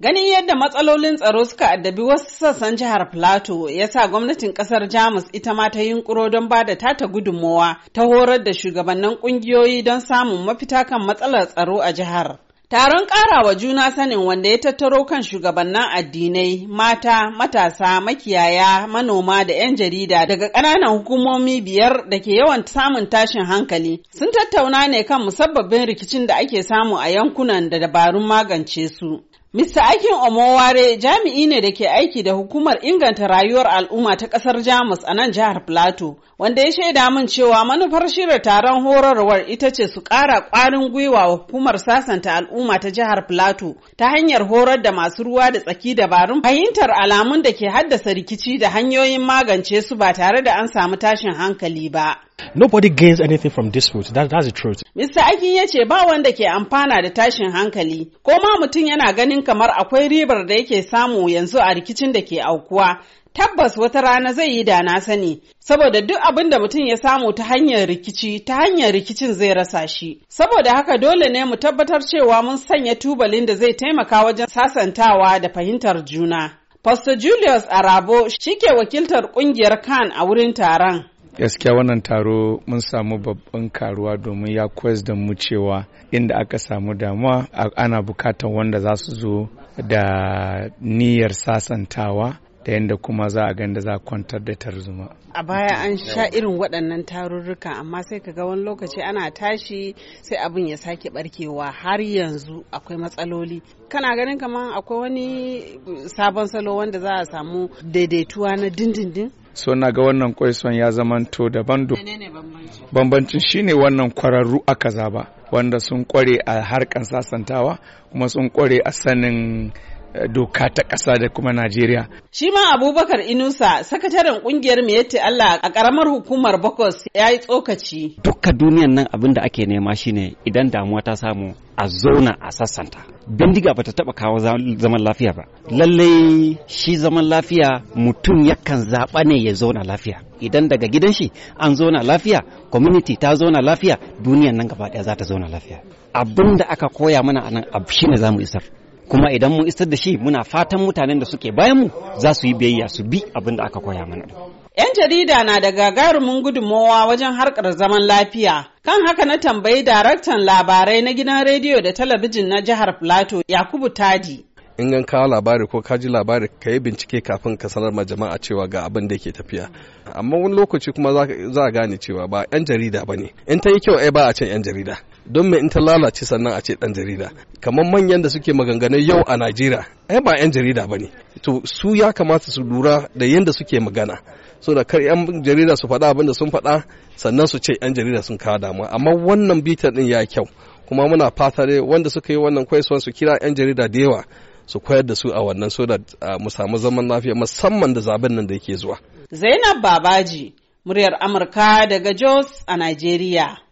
Ganin yadda matsalolin tsaro suka addabi wasu sassan jihar Plateau ya sa gwamnatin kasar Jamus ita ma ta yunkuro don ba da tata gudunmowa ta horar da shugabannin kungiyoyi don samun mafita kan matsalar tsaro a jihar. Taron ƙarawa juna sanin wanda ya tattaro kan shugabannin addinai, mata, matasa, makiyaya, manoma da 'yan jarida daga ƙananan hukumomi biyar da ke yawan samun tashin hankali sun tattauna ne kan musabbabin rikicin da ake samu a yankunan da dabarun magance su. Mr. Akin Omoware jami'i ne da ke aiki da hukumar inganta rayuwar al'umma ta kasar Jamus a nan jihar Plateau, wanda ya shaida min cewa manufar shirya taron horarwar ita ce su ƙara ƙwarin gwiwa wa hukumar sasanta al'umma ta jihar Plateau ta hanyar horar da masu ruwa da tsaki dabarun fahimtar alamun da ke haddasa rikici da hanyoyin magance su ba tare da an samu tashin hankali ba. Nobody gains anything from route That, that's the truth. Mr. Akin ya ce ba wanda ke amfana da tashin hankali. Ko ma mutum yana ganin kamar akwai ribar da yake samu yanzu a rikicin da ke aukuwa. Tabbas wata rana zai yi da na sani, saboda duk abin da mutum ya samu ta hanyar rikici, ta hanyar rikicin zai rasa shi. Saboda haka dole ne mu tabbatar cewa mun sanya tubalin da zai taimaka wajen sasantawa da fahimtar juna. Pastor Julius Arabo shi ke wakiltar kungiyar Khan a wurin taron. gaskiya wannan taro mun samu babban karuwa domin ya koyas da mu cewa inda aka samu damuwa ana bukatar wanda za su zo da niyyar sasantawa da yadda kuma za a ganda za a kwantar da tarzoma. A baya an sha irin waɗannan tarurruka amma sai ka ga wani lokaci ana tashi sai abin ya sake barkewa har yanzu akwai matsaloli. Kana ganin kamar akwai wani sabon salo wanda za a samu daidaituwa na dindindin? so na ga wannan kwaison ya zama zamanto daban bambancin shine wannan kwararru aka zaba wanda sun kware a harkan sasantawa kuma sun kware a sanin doka ta ƙasa da kuma Najeriya. Shi ma Abubakar Inusa, sakataren ƙungiyar mu Miyetti Allah a ƙaramar hukumar Bokos ya yi tsokaci. Dukka duniyan nan abin da ake nema shine idan damuwa ta samu a zauna a sassanta. Bindiga bata taba kawo zaman lafiya ba. Lallai shi zaman lafiya mutum yakan zaɓa ne ya zauna lafiya. Idan daga gidan shi an zauna lafiya, community ta zauna lafiya, duniyan nan gaba ɗaya za ta zauna lafiya. Abin da aka koya mana a nan abu shine za mu isar. kuma idan mu isar da shi muna fatan mutanen da suke bayan mu za su yi biyayya su bi abin da aka koya mana. 'Yan jarida na da gagarumin gudummawa wajen harkar zaman lafiya. Kan haka na tambayi daraktan labarai na gidan rediyo da talabijin na jihar Filato Yakubu Tadi. In gan kawo labari ko kaji labari ka yi bincike kafin ka sanar ma jama'a cewa ga abin da ke tafiya. Amma wani lokaci kuma za a gane cewa ba 'yan jarida ba ne. In ta yi kyau ai ba a can 'yan jarida. don mai in ta lalace sannan a ce dan jarida kamar manyan da suke maganganai yau a Najeriya ai ba yan jarida ba ne to su ya kamata su lura da yadda suke magana so da kar yan jarida su faɗa abinda sun faɗa sannan su ce yan jarida sun kawo damuwa amma wannan bitar din ya kyau kuma muna fata dai wanda suka yi wannan kwaisuwan su kira yan jarida da yawa su koyar da su a wannan so da mu samu zaman lafiya musamman da zaben nan da yake zuwa Zainab Babaji muryar Amurka daga Jos a Najeriya